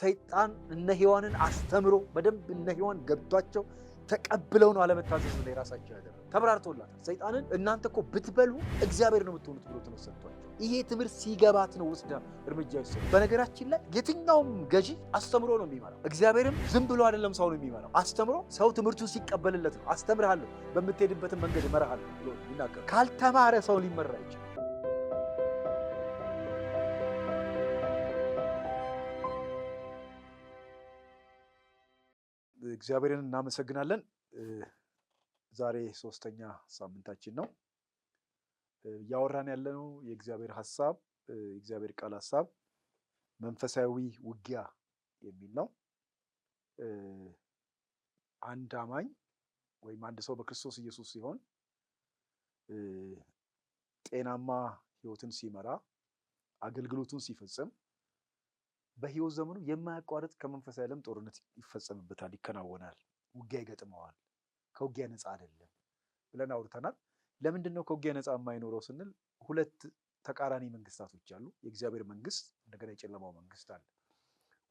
ሰይጣን እነ ሔዋንን አስተምሮ በደንብ እነ ሔዋን ገብቷቸው ተቀብለው ነው አለመታዘዝ ላይ ራሳቸው ያደረ ተብራርቶላታል። ሰይጣንን እናንተ እኮ ብትበሉ እግዚአብሔር ነው የምትሆኑት ብሎት ነው ሰጥቷቸው ይሄ ትምህርት ሲገባት ነው ወስዳ እርምጃ ይሰ በነገራችን ላይ የትኛውም ገዢ አስተምሮ ነው የሚመራው። እግዚአብሔርም ዝም ብሎ አይደለም ሰው ነው የሚመራው፣ አስተምሮ ሰው ትምህርቱን ሲቀበልለት ነው። አስተምርሃለሁ፣ በምትሄድበትን መንገድ እመራሃለሁ ብሎ ይናገራል። ካልተማረ ሰው ሊመራ ይችላል። እግዚአብሔርን እናመሰግናለን። ዛሬ ሶስተኛ ሳምንታችን ነው። እያወራን ያለነው የእግዚአብሔር ሀሳብ የእግዚአብሔር ቃል ሀሳብ መንፈሳዊ ውጊያ የሚል ነው። አንድ አማኝ ወይም አንድ ሰው በክርስቶስ ኢየሱስ ሲሆን ጤናማ ሕይወትን ሲመራ አገልግሎቱን ሲፈጽም በህይወት ዘመኑ የማያቋርጥ ከመንፈሳዊ ዓለም ጦርነት ይፈጸምበታል፣ ይከናወናል፣ ውጊያ ይገጥመዋል። ከውጊያ ነፃ አይደለም ብለን አውርተናል። ለምንድን ነው ከውጊያ ነፃ የማይኖረው ስንል ሁለት ተቃራኒ መንግስታቶች አሉ። የእግዚአብሔር መንግስት እንደገና የጨለማው መንግስት አለ።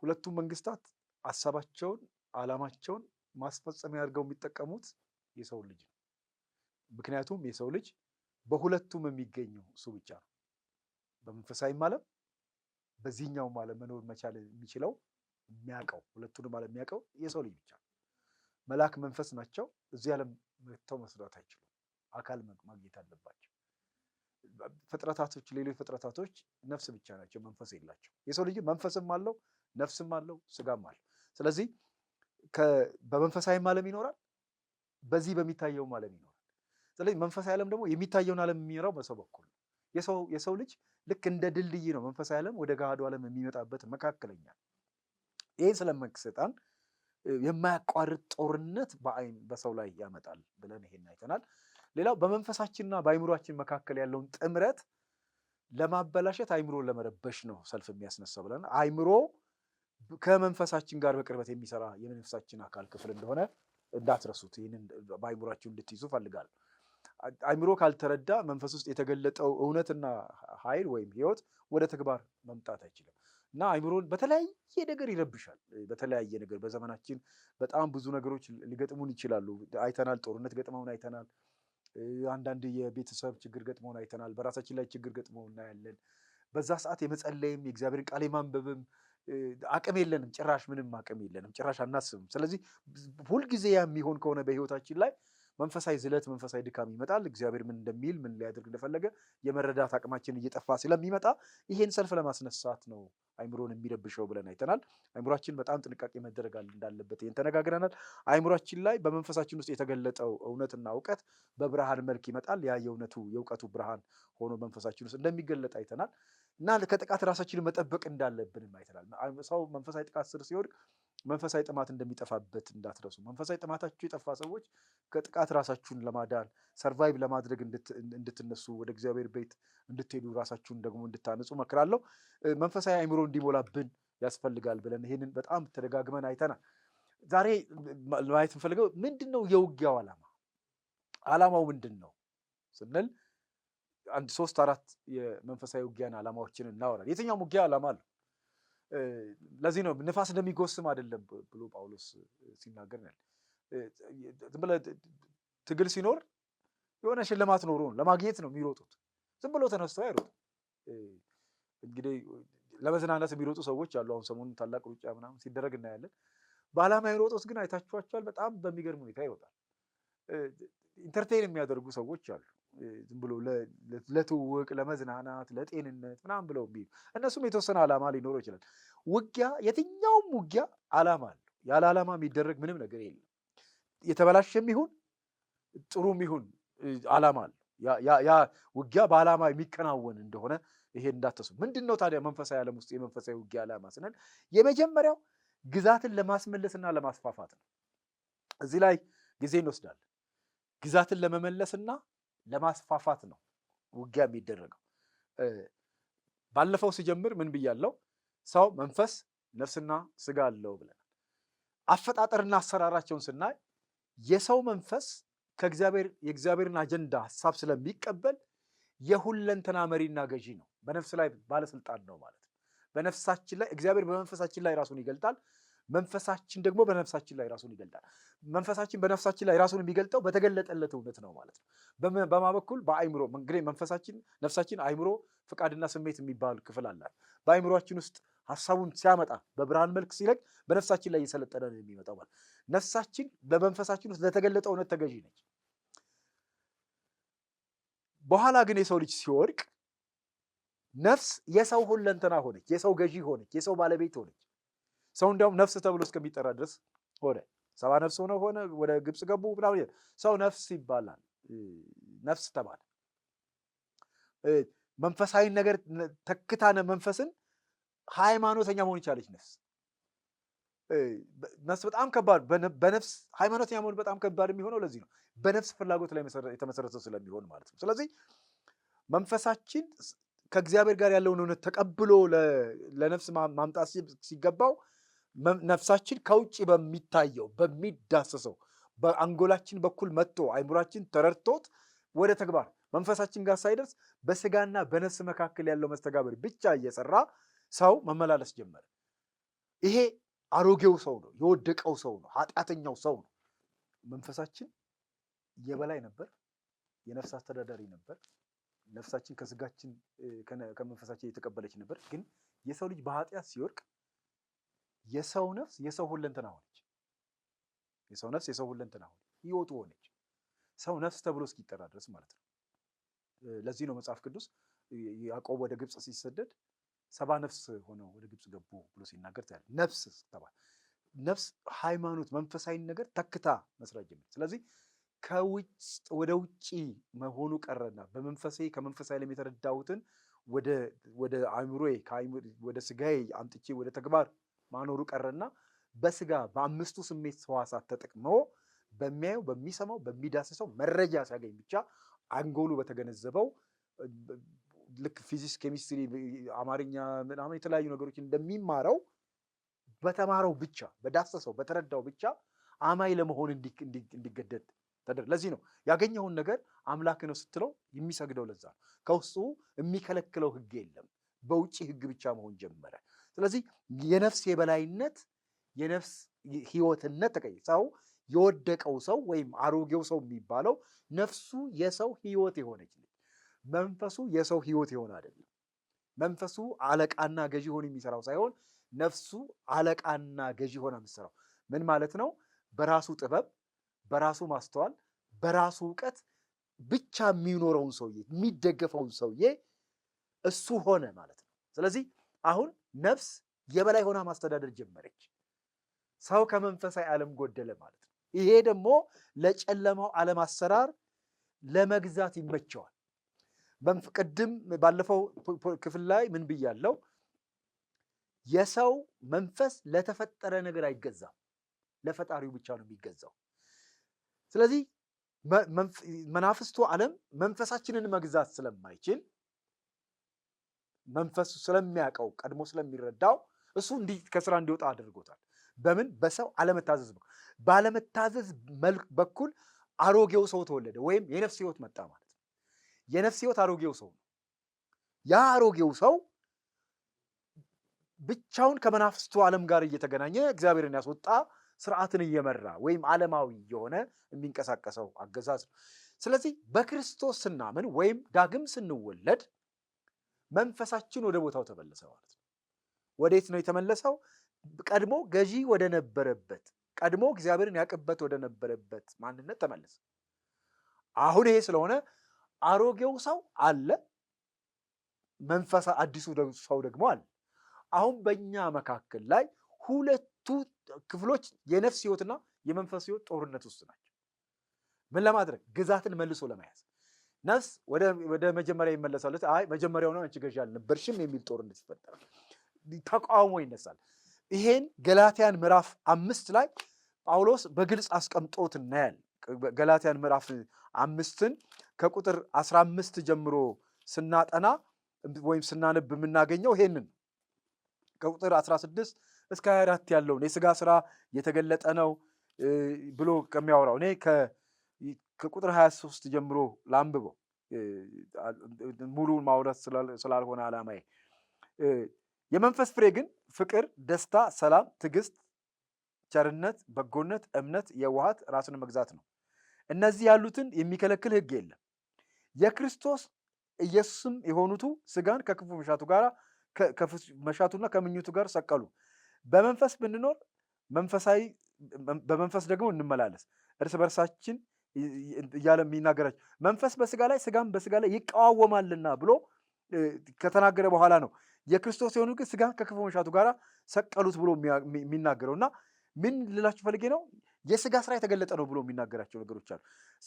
ሁለቱም መንግስታት ሀሳባቸውን፣ አላማቸውን ማስፈጸሚያ አድርገው የሚጠቀሙት የሰው ልጅ ነው። ምክንያቱም የሰው ልጅ በሁለቱም የሚገኘው እሱ ብቻ ነው፣ በመንፈሳዊም ዓለም በዚህኛው ማለት መኖር መቻል የሚችለው የሚያውቀው ሁለቱንም ማለት የሚያውቀው የሰው ልጅ ብቻ መልአክ መንፈስ ናቸው። እዚህ ዓለም መጥተው መስራት አይችሉም። አካል ማግኘት አለባቸው። ፍጥረታቶች ሌሎች ፍጥረታቶች ነፍስ ብቻ ናቸው፣ መንፈስ የላቸው። የሰው ልጅ መንፈስም አለው፣ ነፍስም አለው፣ ስጋም አለው። ስለዚህ በመንፈሳዊም ዓለም ይኖራል፣ በዚህ በሚታየውም ዓለም ይኖራል። ስለዚህ መንፈሳዊ ዓለም ደግሞ የሚታየውን ዓለም የሚኖረው በሰው በኩል ነው። የሰው ልጅ ልክ እንደ ድልድይ ነው መንፈሳዊ ዓለም ወደ ገሃዱ ዓለም የሚመጣበት መካከለኛ። ይህን ስለመንግስት ሰይጣን የማያቋርጥ ጦርነት በአይን በሰው ላይ ያመጣል ብለን ይሄን አይተናል። ሌላው በመንፈሳችንና በአይምሯችን መካከል ያለውን ጥምረት ለማበላሸት አይምሮን ለመረበሽ ነው ሰልፍ የሚያስነሳው ብለን አይምሮ ከመንፈሳችን ጋር በቅርበት የሚሰራ የመንፈሳችን አካል ክፍል እንደሆነ እንዳትረሱት። ይህንን በአይምሯችሁ እንድትይዙ ፈልጋለሁ። አይምሮ ካልተረዳ መንፈስ ውስጥ የተገለጠው እውነትና ኃይል ወይም ህይወት ወደ ተግባር መምጣት አይችልም እና አይምሮን በተለያየ ነገር ይረብሻል። በተለያየ ነገር በዘመናችን በጣም ብዙ ነገሮች ሊገጥሙን ይችላሉ። አይተናል። ጦርነት ገጥመውን አይተናል። አንዳንድ የቤተሰብ ችግር ገጥመውን አይተናል። በራሳችን ላይ ችግር ገጥመው እናያለን። በዛ ሰዓት የመጸለይም የእግዚአብሔር ቃል የማንበብም አቅም የለንም። ጭራሽ ምንም አቅም የለንም። ጭራሽ አናስብም። ስለዚህ ሁልጊዜ ያ የሚሆን ከሆነ በህይወታችን ላይ መንፈሳዊ ዝለት፣ መንፈሳዊ ድካም ይመጣል። እግዚአብሔር ምን እንደሚል ምን ሊያደርግ እንደፈለገ የመረዳት አቅማችን እየጠፋ ስለሚመጣ ይሄን ሰልፍ ለማስነሳት ነው አይምሮን የሚረብሸው ብለን አይተናል። አይምሮችን በጣም ጥንቃቄ መደረግ እንዳለበት ይህን ተነጋግረናል። አይምሮችን ላይ በመንፈሳችን ውስጥ የተገለጠው እውነትና እውቀት በብርሃን መልክ ይመጣል። ያ የእውነቱ የእውቀቱ ብርሃን ሆኖ መንፈሳችን ውስጥ እንደሚገለጥ አይተናል እና ከጥቃት ራሳችንን መጠበቅ እንዳለብንም አይተናል። ሰው መንፈሳዊ ጥቃት ስር ሲወድቅ መንፈሳዊ ጥማት እንደሚጠፋበት እንዳትረሱ። መንፈሳዊ ጥማታችሁ የጠፋ ሰዎች ከጥቃት ራሳችሁን ለማዳን ሰርቫይቭ ለማድረግ እንድትነሱ ወደ እግዚአብሔር ቤት እንድትሄዱ ራሳችሁን ደግሞ እንድታነጹ መክራለሁ መንፈሳዊ አይምሮ እንዲሞላብን ያስፈልጋል ብለን ይህንን በጣም ተደጋግመን አይተናል። ዛሬ ማየት እንፈልገው ምንድን ነው የውጊያው ዓላማ? ዓላማው ምንድን ነው ስንል አንድ ሶስት አራት የመንፈሳዊ ውጊያን ዓላማዎችን እናወራል። የትኛውም ውጊያ ዓላማ አለው። ለዚህ ነው ንፋስ እንደሚጎስም አይደለም ብሎ ጳውሎስ ሲናገር ነው። ዝም ትግል ሲኖር የሆነ ሽልማት ኖሮ ለማግኘት ነው የሚሮጡት። ዝም ብሎ ተነስተው አይሮጡም። እንግዲህ ለመዝናናት የሚሮጡ ሰዎች አሉ። አሁን ሰሞኑን ታላቅ ሩጫ ምናምን ሲደረግ እናያለን። በዓላማ የሮጡት ግን አይታችኋቸዋል። በጣም በሚገርም ሁኔታ ይሮጣል። ኢንተርቴን የሚያደርጉ ሰዎች አሉ። ዝም ብሎ ለትውውቅ ለመዝናናት፣ ለጤንነት ምናምን ብለው የሚሄዱ እነሱም የተወሰነ ዓላማ ሊኖረው ይችላል። ውጊያ፣ የትኛውም ውጊያ ዓላማ አለው። ያለ ዓላማ የሚደረግ ምንም ነገር የለም። የተበላሸ የሚሆን ጥሩ የሚሆን ዓላማ አለው። ያ ውጊያ በዓላማ የሚከናወን እንደሆነ ይሄ እንዳትረሱ። ምንድን ነው ታዲያ መንፈሳዊ ዓለም ውስጥ የመንፈሳዊ ውጊያ ዓላማ ስንል የመጀመሪያው ግዛትን ለማስመለስና ለማስፋፋት ነው። እዚህ ላይ ጊዜ እንወስዳለን። ግዛትን ለመመለስና ለማስፋፋት ነው ውጊያ የሚደረገው። ባለፈው ሲጀምር ምን ብያለው? ሰው መንፈስ፣ ነፍስና ስጋ አለው ብለናል። አፈጣጠርና አሰራራቸውን ስናይ የሰው መንፈስ ከእግዚአብሔር የእግዚአብሔርን አጀንዳ ሀሳብ ስለሚቀበል የሁለንተና መሪና ገዢ ነው። በነፍስ ላይ ባለስልጣን ነው ማለት ነው። በነፍሳችን ላይ እግዚአብሔር በመንፈሳችን ላይ ራሱን ይገልጣል። መንፈሳችን ደግሞ በነፍሳችን ላይ ራሱን ይገልጣል። መንፈሳችን በነፍሳችን ላይ ራሱን የሚገልጠው በተገለጠለት እውነት ነው ማለት ነው። በማ በኩል በአይምሮ እንግዲህ መንፈሳችን፣ ነፍሳችን፣ አይምሮ፣ ፍቃድና ስሜት የሚባል ክፍል አላት። በአይምሮችን ውስጥ ሀሳቡን ሲያመጣ በብርሃን መልክ ሲለቅ በነፍሳችን ላይ እየሰለጠነ ነው የሚመጣው ማለት ነፍሳችን በመንፈሳችን ውስጥ ለተገለጠ እውነት ተገዢ ነች። በኋላ ግን የሰው ልጅ ሲወድቅ ነፍስ የሰው ሁለንተና ሆነች፣ የሰው ገዢ ሆነች፣ የሰው ባለቤት ሆነች። ሰው እንዲያውም ነፍስ ተብሎ እስከሚጠራ ድረስ ሆነ። ሰባ ነፍስ ሆነ ሆነ ወደ ግብፅ ገቡ ምናምን ሰው ነፍስ ይባላል። ነፍስ ተባለ። መንፈሳዊ ነገር ተክታነ መንፈስን ሃይማኖተኛ መሆን ይቻለች ነፍስ። ነፍስ በጣም ከባድ በነፍስ ሃይማኖተኛ መሆን በጣም ከባድ የሚሆነው ለዚህ ነው፣ በነፍስ ፍላጎት ላይ የተመሰረተ ስለሚሆን ማለት ነው። ስለዚህ መንፈሳችን ከእግዚአብሔር ጋር ያለውን እውነት ተቀብሎ ለነፍስ ማምጣት ሲገባው ነፍሳችን ከውጭ በሚታየው በሚዳሰሰው በአንጎላችን በኩል መጥቶ አይምሯችን ተረድቶት ወደ ተግባር መንፈሳችን ጋር ሳይደርስ በስጋና በነፍስ መካከል ያለው መስተጋብር ብቻ እየሰራ ሰው መመላለስ ጀመረ። ይሄ አሮጌው ሰው ነው፣ የወደቀው ሰው ነው፣ ኃጢአተኛው ሰው ነው። መንፈሳችን የበላይ ነበር፣ የነፍስ አስተዳዳሪ ነበር። ነፍሳችን ከስጋችን ከመንፈሳችን የተቀበለች ነበር። ግን የሰው ልጅ በኃጢአት ሲወድቅ የሰው ነፍስ የሰው ሁለንተና ሆነች። የሰው ነፍስ የሰው ሁለንተና ሆነች፣ ህይወቱ ሆነች። ሰው ነፍስ ተብሎ እስኪጠራ ድረስ ማለት ነው። ለዚህ ነው መጽሐፍ ቅዱስ ያዕቆብ ወደ ግብፅ ሲሰደድ ሰባ ነፍስ ሆነው ወደ ግብፅ ገቡ ብሎ ሲናገር ያለ ነፍስ ስትባል ነፍስ ሃይማኖት፣ መንፈሳዊ ነገር ተክታ መስራት ጀመር። ስለዚህ ከውጭ ወደ ውጭ መሆኑ ቀረና በመንፈሴ ከመንፈሳዊ ዓለም የተረዳሁትን ወደ አእምሮዬ ወደ ስጋዬ አምጥቼ ወደ ተግባር ማኖሩ ቀረና በስጋ በአምስቱ ስሜት ህዋሳት ተጠቅሞ በሚያየው፣ በሚሰማው፣ በሚዳስሰው መረጃ ሲያገኝ ብቻ አንጎሉ በተገነዘበው ልክ ፊዚክስ፣ ኬሚስትሪ፣ አማርኛ ምናምን የተለያዩ ነገሮች እንደሚማረው በተማረው ብቻ በዳሰሰው በተረዳው ብቻ አማይ ለመሆን እንዲገደድ ተደር ለዚህ ነው ያገኘውን ነገር አምላክ ነው ስትለው የሚሰግደው። ለዛ ነው ከውስጡ የሚከለክለው ህግ የለም። በውጭ ህግ ብቻ መሆን ጀመረ። ስለዚህ የነፍስ የበላይነት የነፍስ ህይወትነት ተቀይ ሰው የወደቀው ሰው ወይም አሮጌው ሰው የሚባለው ነፍሱ የሰው ህይወት የሆነች መንፈሱ የሰው ህይወት የሆነ አይደለም። መንፈሱ አለቃና ገዢ ሆኖ የሚሰራው ሳይሆን ነፍሱ አለቃና ገዢ ሆነ የሚሰራው ምን ማለት ነው? በራሱ ጥበብ፣ በራሱ ማስተዋል፣ በራሱ እውቀት ብቻ የሚኖረውን ሰውዬ የሚደገፈውን ሰውዬ እሱ ሆነ ማለት ነው። ስለዚህ አሁን ነፍስ የበላይ ሆና ማስተዳደር ጀመረች። ሰው ከመንፈሳዊ ዓለም ጎደለ ማለት ነው። ይሄ ደግሞ ለጨለማው ዓለም አሰራር ለመግዛት ይመቸዋል። ቅድም ባለፈው ክፍል ላይ ምን ብያለው? የሰው መንፈስ ለተፈጠረ ነገር አይገዛም፣ ለፈጣሪው ብቻ ነው የሚገዛው። ስለዚህ መናፍስቱ ዓለም መንፈሳችንን መግዛት ስለማይችል መንፈሱ ስለሚያውቀው ቀድሞ ስለሚረዳው እሱ እንዲህ ከስራ እንዲወጣ አድርጎታል። በምን በሰው አለመታዘዝ ነው። ባለመታዘዝ መልክ በኩል አሮጌው ሰው ተወለደ ወይም የነፍስ ህይወት መጣ ማለት ነው። የነፍስ ህይወት አሮጌው ሰው ነው። ያ አሮጌው ሰው ብቻውን ከመናፍስቱ ዓለም ጋር እየተገናኘ እግዚአብሔርን ያስወጣ ስርዓትን እየመራ ወይም ዓለማዊ የሆነ የሚንቀሳቀሰው አገዛዝ ነው። ስለዚህ በክርስቶስ ስናምን ወይም ዳግም ስንወለድ መንፈሳችን ወደ ቦታው ተመለሰ ማለት ነው። ወዴት ነው የተመለሰው? ቀድሞ ገዢ ወደ ነበረበት፣ ቀድሞ እግዚአብሔርን ያቅበት ወደ ነበረበት ማንነት ተመለሰ። አሁን ይሄ ስለሆነ አሮጌው ሰው አለ፣ መንፈስ አዲሱ ሰው ደግሞ አለ። አሁን በእኛ መካከል ላይ ሁለቱ ክፍሎች የነፍስ ህይወትና የመንፈስ ህይወት ጦርነት ውስጥ ናቸው። ምን ለማድረግ ግዛትን መልሶ ለመያዝ ነፍስ ወደ መጀመሪያ ይመለሳለች። አይ መጀመሪያው ነው አንቺ ገዢ አልነበርሽም የሚል ጦርነት ይፈጠራል፣ ተቃውሞ ይነሳል። ይሄን ገላትያን ምዕራፍ አምስት ላይ ጳውሎስ በግልጽ አስቀምጦት እናያል። ገላትያን ምዕራፍ አምስትን ከቁጥር አስራ አምስት ጀምሮ ስናጠና ወይም ስናነብ የምናገኘው ይሄንን ከቁጥር 16 እስከ 24 ያለውን የስጋ ስራ የተገለጠ ነው ብሎ ከሚያወራው እኔ ከቁጥር 23 ጀምሮ ላንብበው ሙሉን ማውረት ስላልሆነ ዓላማዬ። የመንፈስ ፍሬ ግን ፍቅር፣ ደስታ፣ ሰላም፣ ትዕግስት፣ ቸርነት፣ በጎነት፣ እምነት፣ የዋሃት፣ ራስን መግዛት ነው። እነዚህ ያሉትን የሚከለክል ሕግ የለም። የክርስቶስ ኢየሱስም የሆኑቱ ስጋን ከክፉ መሻቱ ጋር መሻቱና ከምኞቱ ጋር ሰቀሉ። በመንፈስ ብንኖር መንፈሳዊ በመንፈስ ደግሞ እንመላለስ እርስ በርሳችን እያለ የሚናገራቸው መንፈስ በስጋ ላይ ስጋም በስጋ ላይ ይቃዋወማልና ብሎ ከተናገረ በኋላ ነው የክርስቶስ የሆኑ ግን ስጋን ከክፉ መሻቱ ጋር ሰቀሉት ብሎ የሚናገረው እና ምን ልላችሁ ፈልጌ ነው የስጋ ስራ የተገለጠ ነው ብሎ የሚናገራቸው ነገሮች አሉ።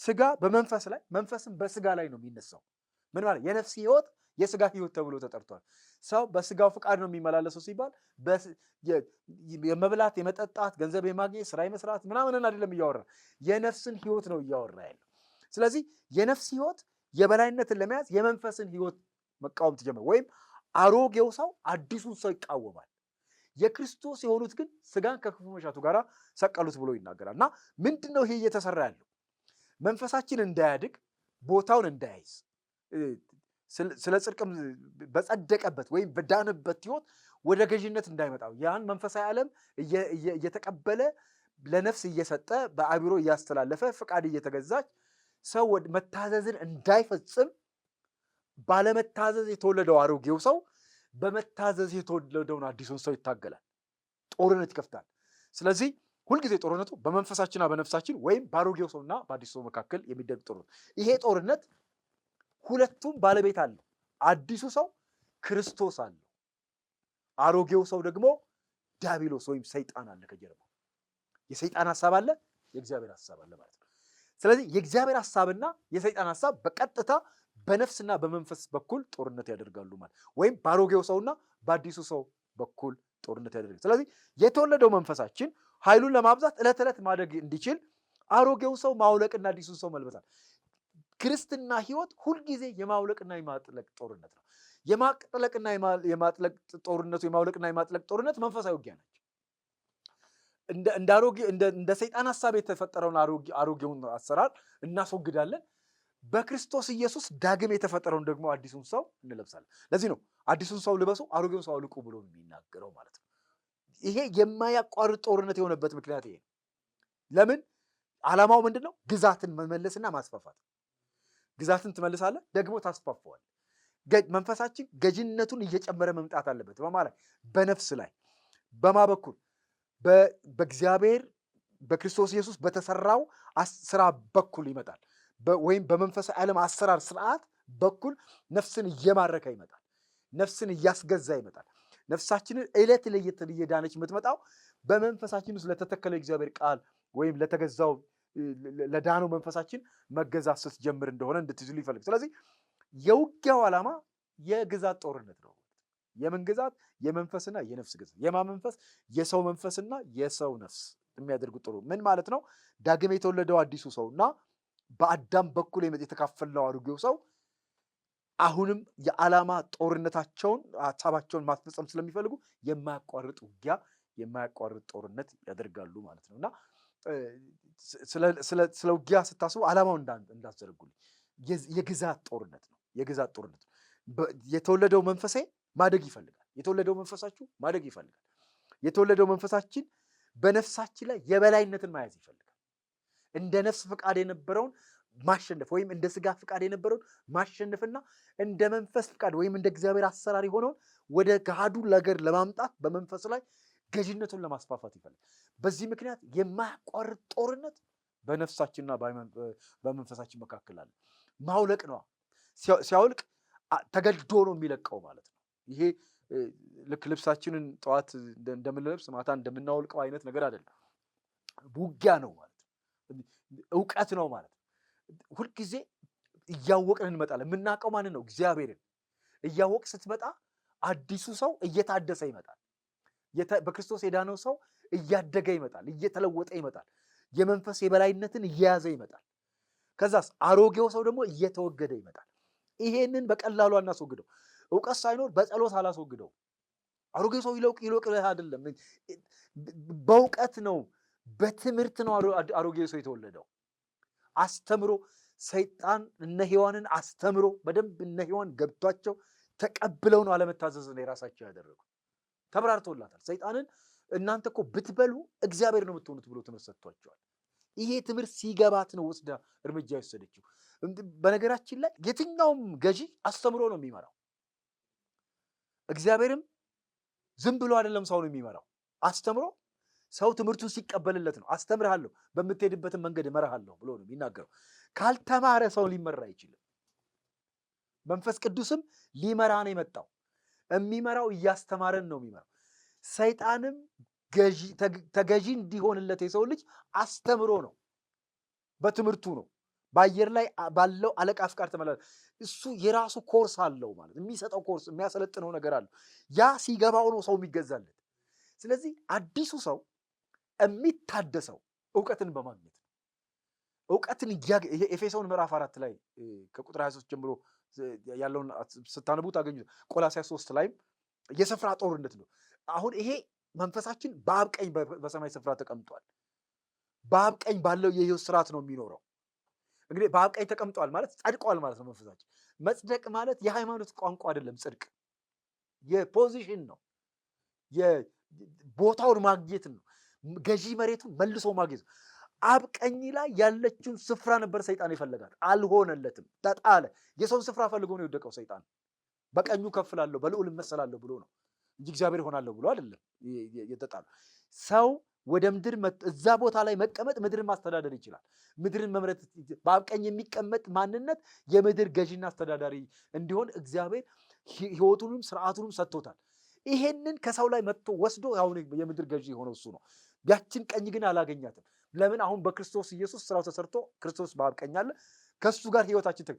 ስጋ በመንፈስ ላይ መንፈስም በስጋ ላይ ነው የሚነሳው። ምን ማለት የነፍስ ህይወት የስጋ ህይወት ተብሎ ተጠርቷል። ሰው በስጋው ፍቃድ ነው የሚመላለሰው ሲባል የመብላት የመጠጣት፣ ገንዘብ የማግኘት፣ ስራ የመስራት ምናምንን አይደለም እያወራ የነፍስን ህይወት ነው እያወራ ያለው። ስለዚህ የነፍስ ህይወት የበላይነትን ለመያዝ የመንፈስን ህይወት መቃወም ትጀምር ወይም አሮጌው ሰው አዲሱን ሰው ይቃወማል። የክርስቶስ የሆኑት ግን ስጋን ከክፉ መሻቱ ጋር ሰቀሉት ብሎ ይናገራል። እና ምንድን ነው ይሄ እየተሰራ ያለው? መንፈሳችን እንዳያድግ ቦታውን እንዳያይዝ ስለ ጽድቅም በጸደቀበት ወይም በዳንበት ህይወት ወደ ገዥነት እንዳይመጣው ያን መንፈሳዊ ዓለም እየተቀበለ ለነፍስ እየሰጠ በአቢሮ እያስተላለፈ ፍቃድ እየተገዛች ሰው መታዘዝን እንዳይፈጽም ባለመታዘዝ የተወለደው አሮጌው ሰው በመታዘዝ የተወለደውን አዲሱን ሰው ይታገላል፣ ጦርነት ይከፍታል። ስለዚህ ሁልጊዜ ጦርነቱ በመንፈሳችንና በነፍሳችን ወይም በአሮጌው ሰውና በአዲሱ ሰው መካከል የሚደረግ ጦርነት ይሄ ጦርነት ሁለቱም ባለቤት አለው። አዲሱ ሰው ክርስቶስ አለው። አሮጌው ሰው ደግሞ ዲያብሎስ ወይም ሰይጣን አለ ከጀርባው። የሰይጣን ሀሳብ አለ፣ የእግዚአብሔር ሀሳብ አለ ማለት ነው። ስለዚህ የእግዚአብሔር ሀሳብና የሰይጣን ሀሳብ በቀጥታ በነፍስና በመንፈስ በኩል ጦርነት ያደርጋሉ ማለት ወይም በአሮጌው ሰውና በአዲሱ ሰው በኩል ጦርነት ያደርጋል። ስለዚህ የተወለደው መንፈሳችን ኃይሉን ለማብዛት ዕለት ዕለት ማደግ እንዲችል አሮጌው ሰው ማውለቅና አዲሱን ሰው መልበሳል። ክርስትና ህይወት ሁልጊዜ የማውለቅና የማጥለቅ ጦርነት ነው። የማቅጠለቅና የማጥለቅ ጦርነቱ የማውለቅና የማጥለቅ ጦርነት መንፈሳዊ ውጊያ ናቸው። እንደ ሰይጣን ሀሳብ የተፈጠረውን አሮጌውን አሰራር እናስወግዳለን። በክርስቶስ ኢየሱስ ዳግም የተፈጠረውን ደግሞ አዲሱን ሰው እንለብሳለን። ለዚህ ነው አዲሱን ሰው ልበሱ፣ አሮጌውን ሰው አውልቁ ብሎ የሚናገረው ማለት ነው። ይሄ የማያቋርጥ ጦርነት የሆነበት ምክንያት ይሄ ነው። ለምን? ዓላማው ምንድን ነው? ግዛትን መመለስና ማስፋፋት ግዛትን ትመልሳለህ፣ ደግሞ ታስፋፈዋል። መንፈሳችን ገዥነቱን እየጨመረ መምጣት አለበት። በማለት በነፍስ ላይ በማ በኩል በእግዚአብሔር በክርስቶስ ኢየሱስ በተሰራው ስራ በኩል ይመጣል። ወይም በመንፈሳዊ ዓለም አሰራር ስርዓት በኩል ነፍስን እየማረከ ይመጣል። ነፍስን እያስገዛ ይመጣል። ነፍሳችንን ዕለት ለየት እየዳነች የምትመጣው በመንፈሳችን ውስጥ ለተተከለው እግዚአብሔር ቃል ወይም ለተገዛው ለዳነው መንፈሳችን መገዛት ስትጀምር እንደሆነ እንድትይዙልኝ ይፈልግ። ስለዚህ የውጊያው ዓላማ የግዛት ጦርነት ነው። የምን ግዛት? የመንፈስና የነፍስ ግዛት። የማ መንፈስ? የሰው መንፈስና የሰው ነፍስ የሚያደርጉት ጥሩ ምን ማለት ነው? ዳግም የተወለደው አዲሱ ሰው እና በአዳም በኩል የተካፈለው አሮጌው ሰው አሁንም የዓላማ ጦርነታቸውን ሀሳባቸውን ማስፈጸም ስለሚፈልጉ የማያቋርጥ ውጊያ የማያቋርጥ ጦርነት ያደርጋሉ ማለት ነው እና ስለ ውጊያ ስታስቡ ዓላማው እንዳትዘረጉልኝ። የግዛት ጦርነት ነው። የግዛት ጦርነት ነው። የተወለደው መንፈሴ ማደግ ይፈልጋል። የተወለደው መንፈሳችሁ ማደግ ይፈልጋል። የተወለደው መንፈሳችን በነፍሳችን ላይ የበላይነትን መያዝ ይፈልጋል። እንደ ነፍስ ፍቃድ የነበረውን ማሸነፍ ወይም እንደ ስጋ ፍቃድ የነበረውን ማሸነፍና እንደ መንፈስ ፍቃድ ወይም እንደ እግዚአብሔር አሰራር የሆነውን ወደ ገሃዱ ነገር ለማምጣት በመንፈስ ላይ ገዥነቱን ለማስፋፋት ይፈልጋል። በዚህ ምክንያት የማያቋርጥ ጦርነት በነፍሳችንና በመንፈሳችን መካከል አለ። ማውለቅ ነው። ሲያውልቅ ተገድዶ ነው የሚለቀው ማለት ነው። ይሄ ልክ ልብሳችንን ጠዋት እንደምንለብስ ማታ እንደምናወልቀው አይነት ነገር አይደለም። ውጊያ ነው ማለት እውቀት ነው ማለት ነው ሁልጊዜ እያወቅን እንመጣለን። የምናውቀው ማንን ነው? እግዚአብሔርን። እያወቅ ስትመጣ አዲሱ ሰው እየታደሰ ይመጣል። በክርስቶስ የዳነው ሰው እያደገ ይመጣል፣ እየተለወጠ ይመጣል፣ የመንፈስ የበላይነትን እየያዘ ይመጣል። ከዛስ አሮጌው ሰው ደግሞ እየተወገደ ይመጣል። ይሄንን በቀላሉ አናስወግደው። እውቀት ሳይኖር በጸሎት አላስወግደው። አሮጌው ሰው ይለውቅ ይለውቅ አይደለም፣ በእውቀት ነው፣ በትምህርት ነው አሮጌው ሰው የተወለደው። አስተምሮ ሰይጣን እነ ሔዋንን አስተምሮ በደንብ እነ ሔዋን ገብቷቸው ተቀብለው ነው ነው የራሳቸው ያደረጉት። ተብራርቶላታል። ሰይጣንን እናንተ እኮ ብትበሉ እግዚአብሔር ነው የምትሆኑት ብሎ ትምህርት ሰጥቷቸዋል። ይሄ ትምህርት ሲገባት ነው ወስዳ እርምጃ የወሰደችው። በነገራችን ላይ የትኛውም ገዢ አስተምሮ ነው የሚመራው። እግዚአብሔርም ዝም ብሎ አይደለም ሰው ነው የሚመራው፣ አስተምሮ ሰው ትምህርቱን ሲቀበልለት ነው። አስተምርሃለሁ፣ በምትሄድበትን መንገድ እመራሃለሁ ብሎ ነው የሚናገረው። ካልተማረ ሰው ሊመራ አይችልም። መንፈስ ቅዱስም ሊመራ ነው የመጣው። የሚመራው እያስተማረን ነው የሚመራው። ሰይጣንም ተገዢ እንዲሆንለት የሰው ልጅ አስተምሮ ነው፣ በትምህርቱ ነው፣ በአየር ላይ ባለው አለቃ ፍቃድ ተመላ እሱ የራሱ ኮርስ አለው ማለት የሚሰጠው ኮርስ የሚያሰለጥነው ነገር አለው። ያ ሲገባው ነው ሰው የሚገዛለት። ስለዚህ አዲሱ ሰው የሚታደሰው እውቀትን በማግኘት እውቀትን ኤፌሶን ምዕራፍ አራት ላይ ከቁጥር 23 ጀምሮ ያለውን ስታነቡ ታገኙ። ቆላስይስ ሶስት ላይም የስፍራ ጦርነት ነው። አሁን ይሄ መንፈሳችን በአብ ቀኝ በሰማይ ስፍራ ተቀምጧል። በአብ ቀኝ ባለው የህይወት ስርዓት ነው የሚኖረው። እንግዲህ በአብ ቀኝ ተቀምጧል ማለት ጸድቋል ማለት ነው። መንፈሳችን መጽደቅ ማለት የሃይማኖት ቋንቋ አይደለም። ጽድቅ የፖዚሽን ነው፣ የቦታውን ማግኘት ነው፣ ገዢ መሬቱን መልሶ ማግኘት ነው። አብ ቀኝ ላይ ያለችውን ስፍራ ነበር ሰይጣን የፈለጋት፣ አልሆነለትም። ተጣለ። የሰውን ስፍራ ፈልጎ ነው የወደቀው ሰይጣን። በቀኙ ከፍላለሁ በልዑል እመሰላለሁ ብሎ ነው እንጂ እግዚአብሔር ሆናለሁ ብሎ አይደለም የተጣለ። ሰው ወደ ምድር እዛ ቦታ ላይ መቀመጥ ምድርን ማስተዳደር ይችላል። ምድርን መምረት በአብ ቀኝ የሚቀመጥ ማንነት የምድር ገዢና አስተዳዳሪ እንዲሆን እግዚአብሔር ህይወቱንም ስርዓቱንም ሰጥቶታል። ይሄንን ከሰው ላይ መጥቶ ወስዶ አሁን የምድር ገዢ የሆነው እሱ ነው። ያችን ቀኝ ግን አላገኛትም። ለምን አሁን በክርስቶስ ኢየሱስ ስራው ተሰርቶ ክርስቶስ ባብቀኛለ ከእሱ ጋር ህይወታችን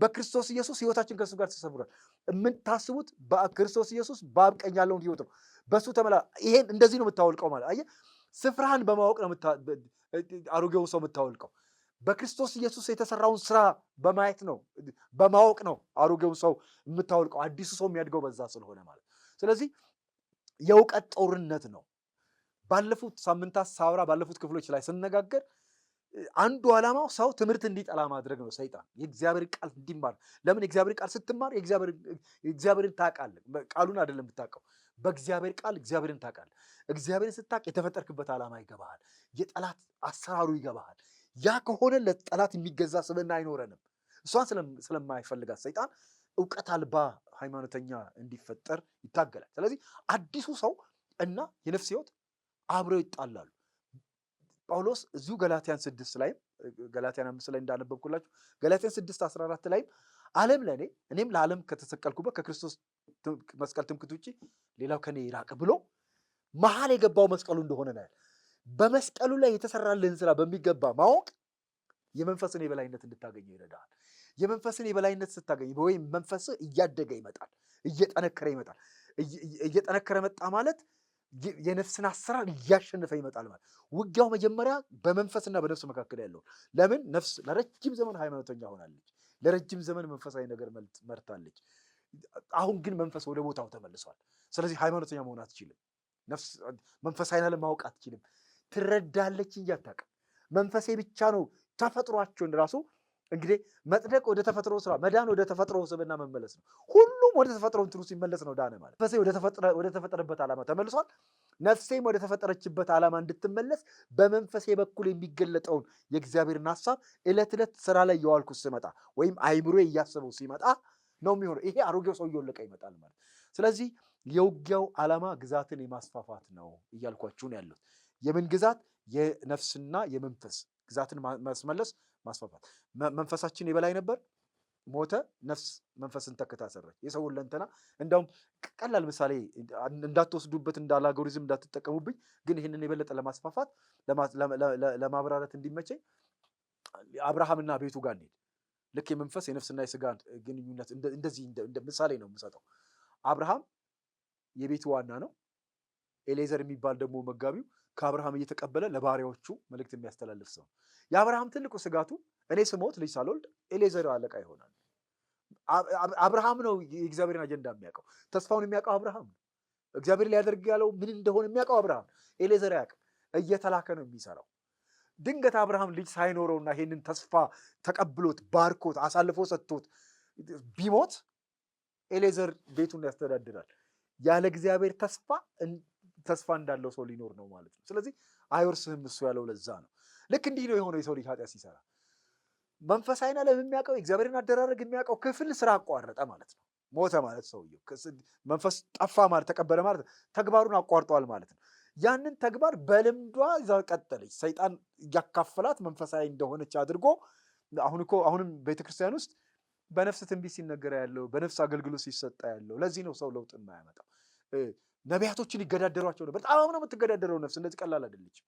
በክርስቶስ ኢየሱስ ህይወታችን ከእሱ ጋር ተሰብሯል። የምታስቡት በክርስቶስ ኢየሱስ ባብቀኝ ያለውን ህይወት ነው። በእሱ ተመላ ይሄን እንደዚህ ነው የምታወልቀው ማለት አየህ፣ ስፍራህን በማወቅ ነው አሮጌውን ሰው የምታወልቀው። በክርስቶስ ኢየሱስ የተሰራውን ስራ በማየት ነው በማወቅ ነው አሮጌውን ሰው የምታወልቀው። አዲሱ ሰው የሚያድገው በዛ ስለሆነ ማለት ስለዚህ የእውቀት ጦርነት ነው ባለፉት ሳምንታት ሳውራ ባለፉት ክፍሎች ላይ ስነጋገር አንዱ ዓላማው ሰው ትምህርት እንዲጠላ ማድረግ ነው። ሰይጣን የእግዚአብሔር ቃል እንዲማር ለምን? የእግዚአብሔር ቃል ስትማር እግዚአብሔርን ታውቃለህ። ቃሉን አይደለም የምታውቀው፣ በእግዚአብሔር ቃል እግዚአብሔርን ታውቃለህ። እግዚአብሔርን ስታውቅ የተፈጠርክበት ዓላማ ይገባሃል። የጠላት አሰራሩ ይገባሃል። ያ ከሆነ ለጠላት የሚገዛ ስብና አይኖረንም። እሷን ስለማይፈልጋት ሰይጣን እውቀት አልባ ሃይማኖተኛ እንዲፈጠር ይታገላል። ስለዚህ አዲሱ ሰው እና የነፍስ ህይወት አብረው ይጣላሉ። ጳውሎስ እዚሁ ገላትያን ስድስት ላይ ገላትያን አምስት ላይ እንዳነበብኩላችሁ ገላትያን ስድስት አስራ አራት ላይም ዓለም ለእኔ እኔም ለዓለም ከተሰቀልኩበት ከክርስቶስ መስቀል ትምክት ውጭ ሌላው ከኔ ይራቅ ብሎ መሀል የገባው መስቀሉ እንደሆነ ነው በመስቀሉ ላይ የተሰራልህን ስራ በሚገባ ማወቅ የመንፈስን የበላይነት እንድታገኘው ይረዳል። የመንፈስን የበላይነት ስታገኝ ወይም መንፈስህ እያደገ ይመጣል፣ እየጠነከረ ይመጣል። እየጠነከረ መጣ ማለት የነፍስን አሰራር እያሸነፈ ይመጣል ማለት። ውጊያው መጀመሪያ በመንፈስና በነፍስ መካከል ያለው ለምን ነፍስ ለረጅም ዘመን ሃይማኖተኛ ሆናለች፣ ለረጅም ዘመን መንፈሳዊ ነገር መርታለች። አሁን ግን መንፈስ ወደ ቦታው ተመልሷል። ስለዚህ ሃይማኖተኛ መሆን አትችልም። መንፈሳዊ ዓለም ማወቅ አትችልም። ትረዳለች እንጂ አታውቅም። መንፈሴ ብቻ ነው ተፈጥሯቸውን ራሱ እንግዲህ መጥደቅ ወደ ተፈጥሮ ስራ፣ መዳን ወደ ተፈጥሮ ስብና መመለስ ነው። ሁሉም ወደ ተፈጥሮ እንትኑ ሲመለስ ነው ዳነ ማለት። መንፈሴ ወደ ተፈጠረበት ዓላማ ተመልሷል። ነፍሴም ወደ ተፈጠረችበት ዓላማ እንድትመለስ በመንፈሴ በኩል የሚገለጠውን የእግዚአብሔርን ሀሳብ እለት እለት ስራ ላይ እየዋልኩ ስመጣ ወይም አይምሮ እያሰበው ሲመጣ ነው የሚሆነው። ይሄ አሮጌው ሰው እየወለቀ ይመጣል ማለት። ስለዚህ የውጊያው ዓላማ ግዛትን የማስፋፋት ነው እያልኳችሁን ያሉት የምን ግዛት? የነፍስና የመንፈስ ግዛትን ማስመለስ ማስፋፋት። መንፈሳችን የበላይ ነበር። ሞተ ነፍስ መንፈስን ተክታ ሰራች። የሰው ሁለንተና እንዳውም ቀላል ምሳሌ እንዳትወስዱበት እንደ አልጎሪዝም እንዳትጠቀሙብኝ፣ ግን ይህንን የበለጠ ለማስፋፋት ለማብራራት እንዲመቸኝ አብርሃምና ቤቱ ጋር እንሄድ። ልክ የመንፈስ የነፍስና የስጋ ግንኙነት እንደዚህ ምሳሌ ነው የምሰጠው። አብርሃም የቤቱ ዋና ነው። ኤሌዘር የሚባል ደግሞ መጋቢው ከአብርሃም እየተቀበለ ለባሪያዎቹ መልእክት የሚያስተላልፍ ሰው። የአብርሃም ትልቁ ስጋቱ እኔ ስሞት ልጅ ሳልወልድ ኤሌዘር አለቃ ይሆናል። አብርሃም ነው የእግዚአብሔርን አጀንዳ የሚያውቀው፣ ተስፋውን የሚያውቀው አብርሃም ነው። እግዚአብሔር ሊያደርግ ያለው ምን እንደሆነ የሚያውቀው አብርሃም ነው። ኤሌዘር ያውቅ እየተላከ ነው የሚሰራው። ድንገት አብርሃም ልጅ ሳይኖረውና ይሄንን ተስፋ ተቀብሎት ባርኮት አሳልፎ ሰጥቶት ቢሞት ኤሌዘር ቤቱን ያስተዳድራል። ያለ እግዚአብሔር ተስፋ ተስፋ እንዳለው ሰው ሊኖር ነው ማለት ነው። ስለዚህ አይወርስህም እሱ ያለው ለዛ ነው። ልክ እንዲህ ነው የሆነው የሰው ልጅ ኃጢአት ሲሰራ መንፈሳዊ ዓለም የሚያውቀው የእግዚአብሔርን አደራረግ የሚያውቀው ክፍል ስራ አቋረጠ ማለት ነው። ሞተ ማለት ሰውየው መንፈስ ጠፋ ማለት ተቀበለ ማለት ተግባሩን አቋርጧል ማለት ነው። ያንን ተግባር በልምዷ ይዛ ቀጠለች። ሰይጣን እያካፈላት መንፈሳዊ እንደሆነች አድርጎ አሁን እኮ አሁንም ቤተክርስቲያን ውስጥ በነፍስ ትንቢት ሲነገር ያለው በነፍስ አገልግሎት ሲሰጣ ያለው ለዚህ ነው ሰው ለውጥ የማያመጣው። ነቢያቶችን ይገዳደሯቸው ነው። በጣም ነው የምትገዳደረው ነፍስ። እንደዚህ ቀላል አይደለችም።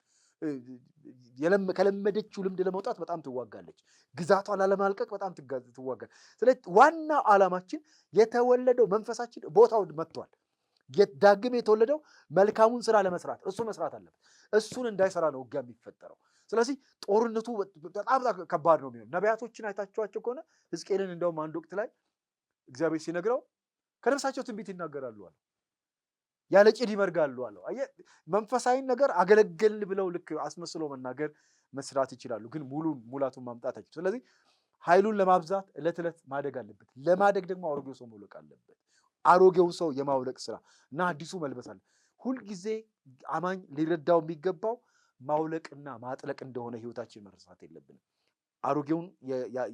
ከለመደችው ልምድ ለመውጣት በጣም ትዋጋለች። ግዛቷ ላለማልቀቅ በጣም ትዋጋለች። ስለዚህ ዋናው ዓላማችን የተወለደው መንፈሳችን ቦታው መጥቷል። ዳግም የተወለደው መልካሙን ስራ ለመስራት እሱ መስራት አለበት። እሱን እንዳይሰራ ነው ውጊያ የሚፈጠረው። ስለዚህ ጦርነቱ በጣም ከባድ ነው የሚሆን ነቢያቶችን አይታችኋቸው ከሆነ ሕዝቅኤልን እንደውም አንድ ወቅት ላይ እግዚአብሔር ሲነግረው ከነፍሳቸው ትንቢት ይናገራሉ አለ ያለ ጭድ ይመርጋሉ አለው። መንፈሳዊን ነገር አገለገል ብለው ልክ አስመስሎ መናገር መስራት ይችላሉ፣ ግን ሙሉን ሙላቱን ማምጣት አይችሉ። ስለዚህ ኃይሉን ለማብዛት እለት እለት ማደግ አለበት። ለማደግ ደግሞ አሮጌው ሰው መውለቅ አለበት። አሮጌውን ሰው የማውለቅ ስራ እና አዲሱ መልበስ አለ። ሁልጊዜ አማኝ ሊረዳው የሚገባው ማውለቅና ማጥለቅ እንደሆነ ህይወታችን መረሳት የለብንም። አሮጌውን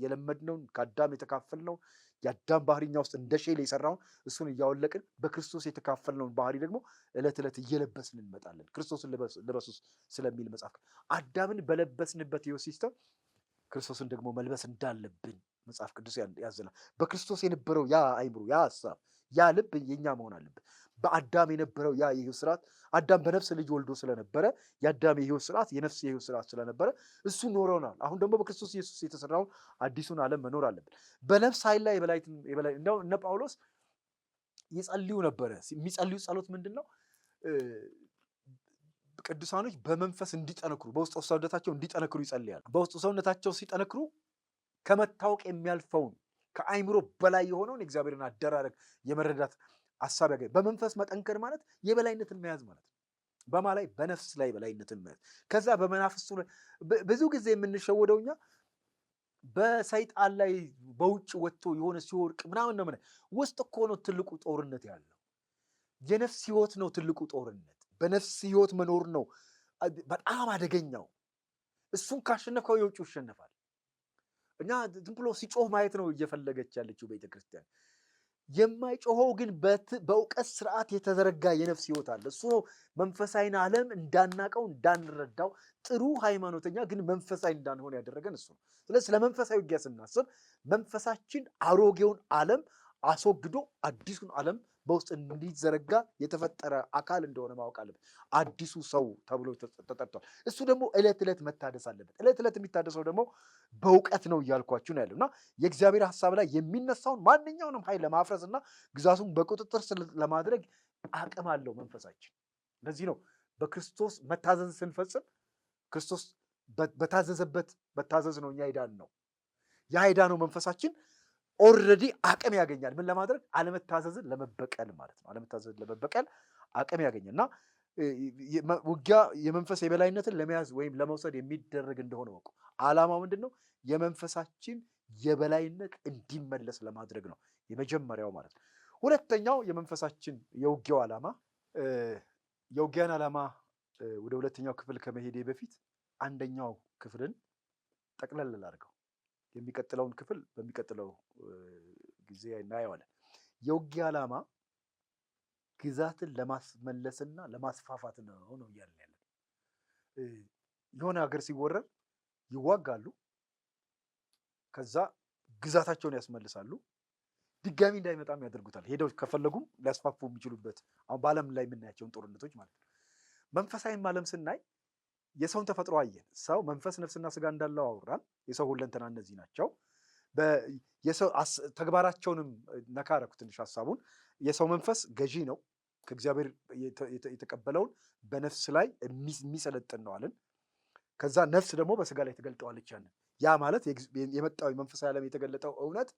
የለመድነውን ከአዳም የተካፈልነው የአዳም ባህርኛ ውስጥ እንደ ሼል የሰራውን እሱን እያወለቅን በክርስቶስ የተካፈልነውን ባህሪ ደግሞ እለት ዕለት እየለበስን እንመጣለን። ክርስቶስን ልበሱ ስለሚል መጽሐፍ አዳምን በለበስንበት ሲስተም ክርስቶስን ደግሞ መልበስ እንዳለብን መጽሐፍ ቅዱስ ያዘናል። በክርስቶስ የነበረው ያ አይምሮ፣ ያ ሀሳብ፣ ያ ልብ የኛ መሆን አለበት። በአዳም የነበረው ያ የህይወት ስርዓት አዳም በነፍስ ልጅ ወልዶ ስለነበረ የአዳም የህይወት ስርዓት የነፍስ የህይወት ስርዓት ስለነበረ እሱ ኖረውናል። አሁን ደግሞ በክርስቶስ ኢየሱስ የተሰራውን አዲሱን ዓለም መኖር አለብን። በነፍስ ኃይል ላይ የበላይ እንደው እነ ጳውሎስ ይጸልዩ ነበረ። የሚጸልዩ ጸሎት ምንድን ነው? ቅዱሳኖች በመንፈስ እንዲጠነክሩ በውስጥ ሰውነታቸው እንዲጠነክሩ ይጸልያሉ። በውስጥ ሰውነታቸው ሲጠነክሩ ከመታወቅ የሚያልፈውን ከአይምሮ በላይ የሆነውን የእግዚአብሔርን አደራረግ የመረዳት ሀሳብ ያገ በመንፈስ መጠንከር ማለት የበላይነትን መያዝ ማለት ነው። በማ ላይ በነፍስ ላይ በላይነትን መያዝ ከዛ በመናፍስቱ ብዙ ጊዜ የምንሸወደው እኛ በሰይጣን ላይ በውጭ ወጥቶ የሆነ ሲወርቅ ምናምን ነው። ውስጥ እኮ ነው ትልቁ ጦርነት ያለው። የነፍስ ህይወት ነው ትልቁ ጦርነት። በነፍስ ህይወት መኖር ነው በጣም አደገኛው። እሱን ካሸነፍከው የውጭ ይሸነፋል። እና ዝም ብሎ ሲጮህ ማየት ነው እየፈለገች ያለችው ቤተክርስቲያን። የማይጮኸው ግን በእውቀት ስርዓት የተዘረጋ የነፍስ ህይወት አለ። እሱ ነው መንፈሳዊን ዓለም እንዳናቀው እንዳንረዳው፣ ጥሩ ሃይማኖተኛ ግን መንፈሳዊ እንዳንሆን ያደረገን እሱ ነው። ስለዚህ ስለ መንፈሳዊ ውጊያ ስናስብ መንፈሳችን አሮጌውን ዓለም አስወግዶ አዲሱን ዓለም በውስጥ እንዲዘረጋ የተፈጠረ አካል እንደሆነ ማወቅ አለበት። አዲሱ ሰው ተብሎ ተጠርቷል። እሱ ደግሞ ዕለት ዕለት መታደስ አለበት። ዕለት ዕለት የሚታደሰው ደግሞ በእውቀት ነው እያልኳችሁ ነው ያለው እና የእግዚአብሔር ሀሳብ ላይ የሚነሳውን ማንኛውንም ኃይል ለማፍረስ እና ግዛቱን በቁጥጥር ስር ለማድረግ አቅም አለው መንፈሳችን። ለዚህ ነው በክርስቶስ መታዘዝ ስንፈጽም ክርስቶስ በታዘዘበት መታዘዝ ነው እኛ ሄዳን ነው ያ ሄዳ ነው መንፈሳችን ኦልሬዲ አቅም ያገኛል። ምን ለማድረግ አለመታዘዝን ለመበቀል ማለት ነው። አለመታዘዝን ለመበቀል አቅም ያገኛል እና ውጊያ የመንፈስ የበላይነትን ለመያዝ ወይም ለመውሰድ የሚደረግ እንደሆነ ወቁ። አላማው ምንድን ነው? የመንፈሳችን የበላይነት እንዲመለስ ለማድረግ ነው የመጀመሪያው ማለት ነው። ሁለተኛው የመንፈሳችን የውጊያው ዓላማ የውጊያን ዓላማ ወደ ሁለተኛው ክፍል ከመሄዴ በፊት አንደኛው ክፍልን ጠቅለል አድርገው የሚቀጥለውን ክፍል በሚቀጥለው ጊዜ እናየዋለን። የውጊያ ዓላማ ግዛትን ለማስመለስና ለማስፋፋት ነው ነው እያለን ያለን። የሆነ ሀገር ሲወረር ይዋጋሉ፣ ከዛ ግዛታቸውን ያስመልሳሉ፣ ድጋሚ እንዳይመጣም ያደርጉታል። ሄደው ከፈለጉም ሊያስፋፉ የሚችሉበት አሁን በዓለም ላይ የምናያቸውን ጦርነቶች ማለት ነው። መንፈሳዊም ዓለም ስናይ የሰውን ተፈጥሮ አየን። ሰው መንፈስ፣ ነፍስና ስጋ እንዳለው አውራን። የሰው ሁለንተና እነዚህ ናቸው። ተግባራቸውንም ነካረኩ ትንሽ ሀሳቡን። የሰው መንፈስ ገዢ ነው። ከእግዚአብሔር የተቀበለውን በነፍስ ላይ የሚሰለጥን ነው አለን። ከዛ ነፍስ ደግሞ በስጋ ላይ ተገልጠዋለች። ያንን ያ ማለት የመጣው መንፈሳዊ ዓለም የተገለጠው እውነት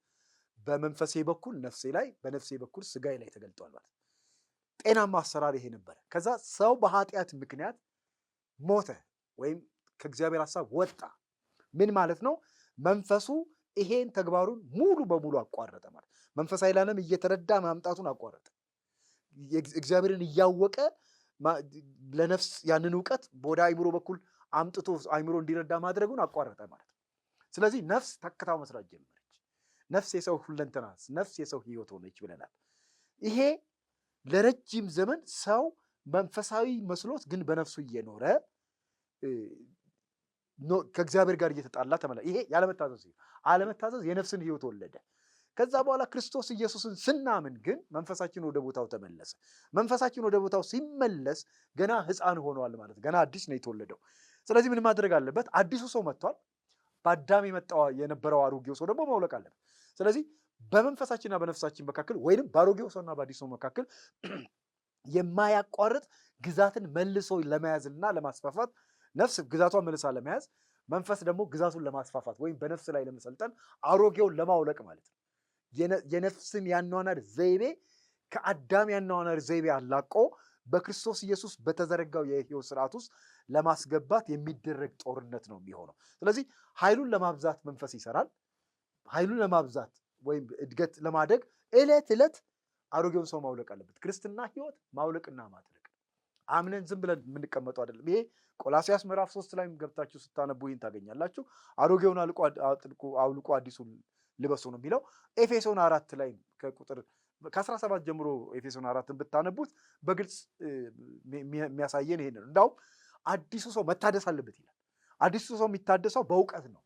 በመንፈሴ በኩል ነፍሴ ላይ፣ በነፍሴ በኩል ስጋዬ ላይ ተገልጧል ማለት ጤናማ አሰራር ይሄ ነበረ። ከዛ ሰው በኃጢአት ምክንያት ሞተ ወይም ከእግዚአብሔር ሐሳብ ወጣ። ምን ማለት ነው? መንፈሱ ይሄን ተግባሩን ሙሉ በሙሉ አቋረጠ ማለት መንፈስ ኃይለ እየተረዳ ማምጣቱን አቋረጠ። እግዚአብሔርን እያወቀ ለነፍስ ያንን እውቀት ወደ አይምሮ በኩል አምጥቶ አይምሮ እንዲረዳ ማድረጉን አቋረጠ ማለት ነው። ስለዚህ ነፍስ ተክታው መስራት ጀመረች። ነፍስ የሰው ሁለንተና፣ ነፍስ የሰው ህይወት ሆነች ብለናል። ይሄ ለረጅም ዘመን ሰው መንፈሳዊ መስሎት ግን በነፍሱ እየኖረ ከእግዚአብሔር ጋር እየተጣላ ተመላ። ይሄ ያለመታዘዝ አለመታዘዝ የነፍስን ህይወት ወለደ። ከዛ በኋላ ክርስቶስ ኢየሱስን ስናምን ግን መንፈሳችን ወደ ቦታው ተመለሰ። መንፈሳችን ወደ ቦታው ሲመለስ ገና ህፃን ሆኗል ማለት ገና አዲስ ነው የተወለደው። ስለዚህ ምን ማድረግ አለበት? አዲሱ ሰው መጥቷል። በአዳም የመጣው የነበረው አሮጌው ሰው ደግሞ መውለቅ አለበት። ስለዚህ በመንፈሳችንና በነፍሳችን መካከል ወይንም በአሮጌው ሰውና በአዲሱ ሰው መካከል የማያቋርጥ ግዛትን መልሶ ለመያዝና ለማስፋፋት ነፍስ ግዛቷን መልሳ ለመያዝ መንፈስ ደግሞ ግዛቱን ለማስፋፋት ወይም በነፍስ ላይ ለመሰልጠን አሮጌውን ለማውለቅ ማለት ነው። የነፍስን ያኗኗር ዘይቤ ከአዳም ያኗኗር ዘይቤ አላቆ በክርስቶስ ኢየሱስ በተዘረጋው የሕይወት ስርዓት ውስጥ ለማስገባት የሚደረግ ጦርነት ነው የሚሆነው። ስለዚህ ኃይሉን ለማብዛት መንፈስ ይሰራል። ኃይሉን ለማብዛት ወይም እድገት ለማደግ እለት እለት አሮጌውን ሰው ማውለቅ አለበት። ክርስትና ህይወት ማውለቅና ማድረግ አምነን ዝም ብለን የምንቀመጠው አይደለም። ይሄ ቆላሲያስ ምዕራፍ ሶስት ላይም ገብታችሁ ስታነቡ ይህን ታገኛላችሁ። አሮጌውን አውልቁ አዲሱን ልበሱ ነው የሚለው። ኤፌሶን አራት ላይ ከቁጥር ከአስራ ሰባት ጀምሮ ኤፌሶን አራትን ብታነቡት በግልጽ የሚያሳየን ይሄን ነው። እንዳውም አዲሱ ሰው መታደስ አለበት ይላል። አዲሱ ሰው የሚታደሰው በእውቀት ነው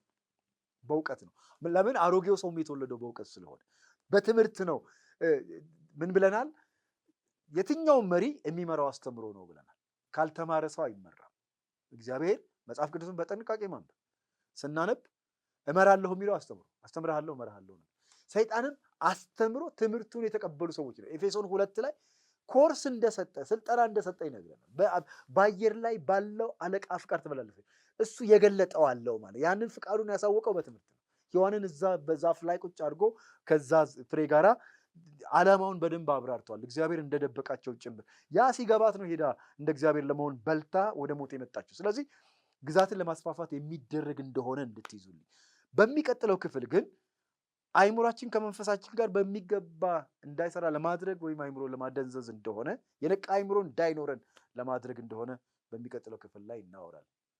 በእውቀት ነው። ለምን? አሮጌው ሰው የተወለደው በእውቀት ስለሆነ በትምህርት ነው። ምን ብለናል? የትኛውም መሪ የሚመራው አስተምሮ ነው ብለናል። ካልተማረ ሰው አይመራም። እግዚአብሔር መጽሐፍ ቅዱስን በጥንቃቄ ማንበብ ስናነብ እመራለሁ የሚለው አስተምሮ አስተምርሃለሁ፣ እመራሃለሁ ነው። ሰይጣንም አስተምሮ ትምህርቱን የተቀበሉ ሰዎች ነው። ኤፌሶን ሁለት ላይ ኮርስ እንደሰጠ ስልጠና እንደሰጠ ይነግረናል። በአየር ላይ ባለው አለቃ ፍቃድ ትመላለሰ እሱ የገለጠው አለው ማለት ያንን ፍቃዱን ያሳወቀው በትምህርት ነው። ሔዋንን እዛ በዛፍ ላይ ቁጭ አድርጎ ከዛ ፍሬ ጋራ ዓላማውን በደንብ አብራርተዋል። እግዚአብሔር እንደደበቃቸው ጭምር ያ ሲገባት ነው ሄዳ እንደ እግዚአብሔር ለመሆን በልታ ወደ ሞት የመጣችው። ስለዚህ ግዛትን ለማስፋፋት የሚደረግ እንደሆነ እንድትይዙልኝ። በሚቀጥለው ክፍል ግን አይምሯችን ከመንፈሳችን ጋር በሚገባ እንዳይሰራ ለማድረግ ወይም አይምሮ ለማደንዘዝ እንደሆነ የነቃ አይምሮ እንዳይኖረን ለማድረግ እንደሆነ በሚቀጥለው ክፍል ላይ እናወራለን።